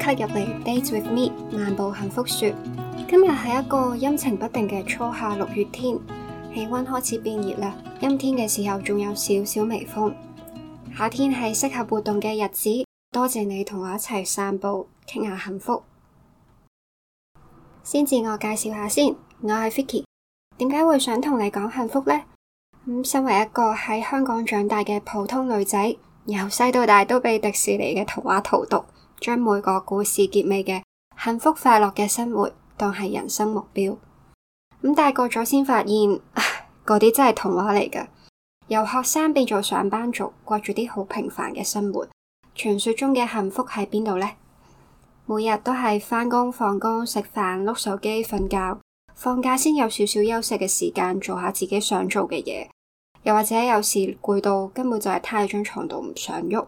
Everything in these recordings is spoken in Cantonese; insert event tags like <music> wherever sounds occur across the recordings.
吸入嚟 date with me，漫步幸福說。今日係一個陰晴不定嘅初夏六月天，氣溫開始變熱啦。陰天嘅時候仲有少少微風。夏天係適合活動嘅日子，多謝你同我一齊散步，傾下幸福。先自我介紹下先，我係 Vicky。點解會想同你講幸福呢？咁、嗯、身為一個喺香港長大嘅普通女仔，由細到大都被迪士尼嘅圖畫荼毒。將每個故事結尾嘅幸福快樂嘅生活當係人生目標，咁大個咗先發現嗰啲 <laughs> 真係童話嚟㗎。由學生變做上班族，過住啲好平凡嘅生活，傳說中嘅幸福喺邊度呢？每日都係返工、放工、食飯、碌手機、瞓覺，放假先有少少休息嘅時間做下自己想做嘅嘢，又或者有時攰到根本就係攤喺張床度唔想喐。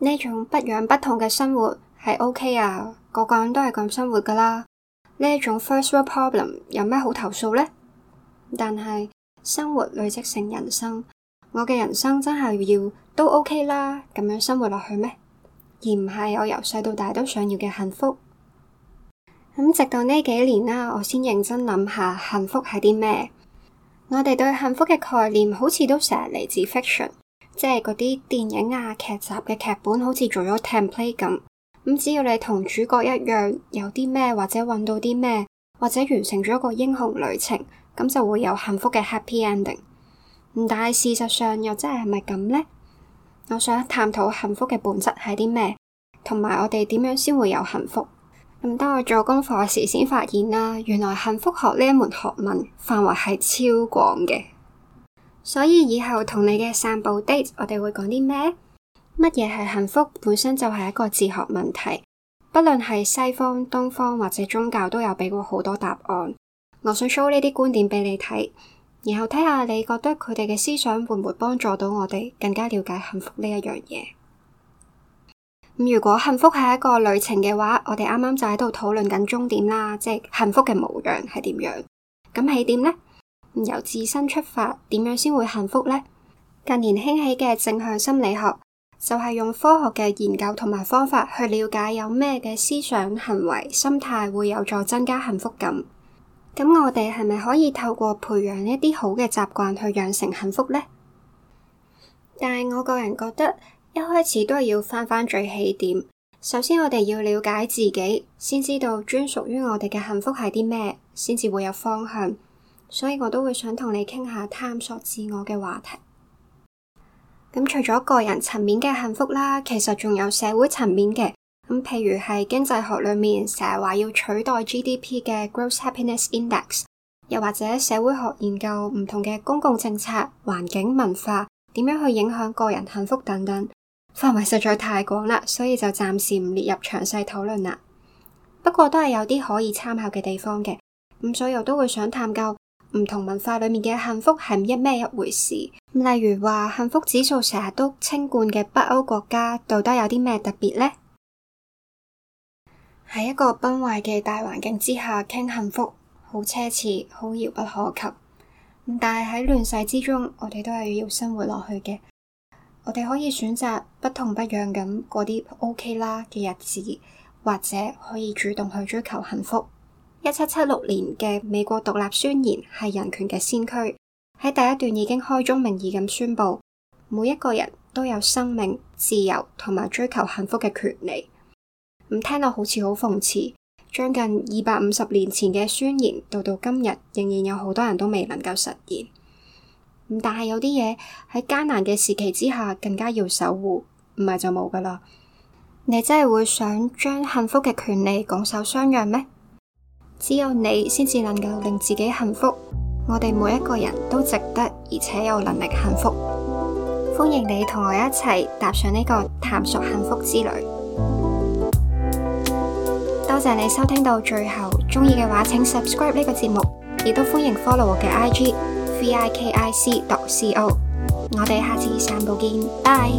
呢種不癢不痛嘅生活係 OK 啊，個個人都係咁生活噶啦。呢一種 first world problem 有咩好投訴呢？但係生活累積成人生，我嘅人生真係要都 OK 啦，咁樣生活落去咩？而唔係我由細到大都想要嘅幸福。咁直到呢幾年啦、啊，我先認真諗下幸福係啲咩。我哋對幸福嘅概念好似都成日嚟自 fiction。即係嗰啲電影啊、劇集嘅劇本好，好似做咗 template 咁。咁只要你同主角一樣有，有啲咩或者搵到啲咩，或者完成咗個英雄旅程，咁就會有幸福嘅 happy ending。但係事實上又真係係咪咁呢？我想探討幸福嘅本質係啲咩，同埋我哋點樣先會有幸福。咁當我做功課時先發現啦、啊，原來幸福學呢門學問範圍係超廣嘅。所以以後同你嘅散步 date，我哋會講啲咩？乜嘢係幸福？本身就係一個哲學問題。不論係西方、東方或者宗教，都有畀過好多答案。我想 show 呢啲觀點畀你睇，然後睇下你覺得佢哋嘅思想會唔會幫助到我哋更加了解幸福呢一樣嘢。咁如果幸福係一個旅程嘅話，我哋啱啱就喺度討論緊終點啦，即係幸福嘅模樣係點樣？咁起點咧？由自身出發，點樣先會幸福呢？近年興起嘅正向心理學，就係用科學嘅研究同埋方法去了解有咩嘅思想、行為、心態會有助增加幸福感。咁我哋係咪可以透過培養一啲好嘅習慣去養成幸福呢？但係我個人覺得，一開始都係要翻翻最起點。首先，我哋要了解自己，先知道專屬於我哋嘅幸福係啲咩，先至會有方向。所以我都會想同你傾下探索自我嘅話題。咁除咗個人層面嘅幸福啦，其實仲有社會層面嘅。咁譬如係經濟學裏面成日話要取代 GDP 嘅 Gross Happiness Index，又或者社會學研究唔同嘅公共政策、環境、文化點樣去影響個人幸福等等，範圍實在太廣啦，所以就暫時唔列入詳細討論啦。不過都係有啲可以參考嘅地方嘅。咁所以我都會想探究，唔同文化裏面嘅幸福係一咩一回事？例如話幸福指數成日都稱冠嘅北歐國家，到底有啲咩特別呢？喺一個崩壞嘅大環境之下，傾幸福好奢侈，好遙不可及。但係喺亂世之中，我哋都係要生活落去嘅。我哋可以選擇不痛不癢咁過啲 OK 啦嘅日子，或者可以主動去追求幸福。一七七六年嘅美國獨立宣言係人權嘅先驅，喺第一段已經開宗明義咁宣佈，每一個人都有生命、自由同埋追求幸福嘅權利。咁聽落好似好諷刺，將近二百五十年前嘅宣言，到到今日仍然有好多人都未能夠實現。但係有啲嘢喺艱難嘅時期之下，更加要守護，唔係就冇噶啦。你真係會想將幸福嘅權利拱手相讓咩？只有你先至能夠令自己幸福，我哋每一個人都值得而且有能力幸福。歡迎你同我一齊踏上呢個探索幸福之旅。多謝你收聽到最後，中意嘅話請 subscribe 呢個節目，亦都歡迎 follow 我嘅 IG vikic.co。我哋下次散步見，拜。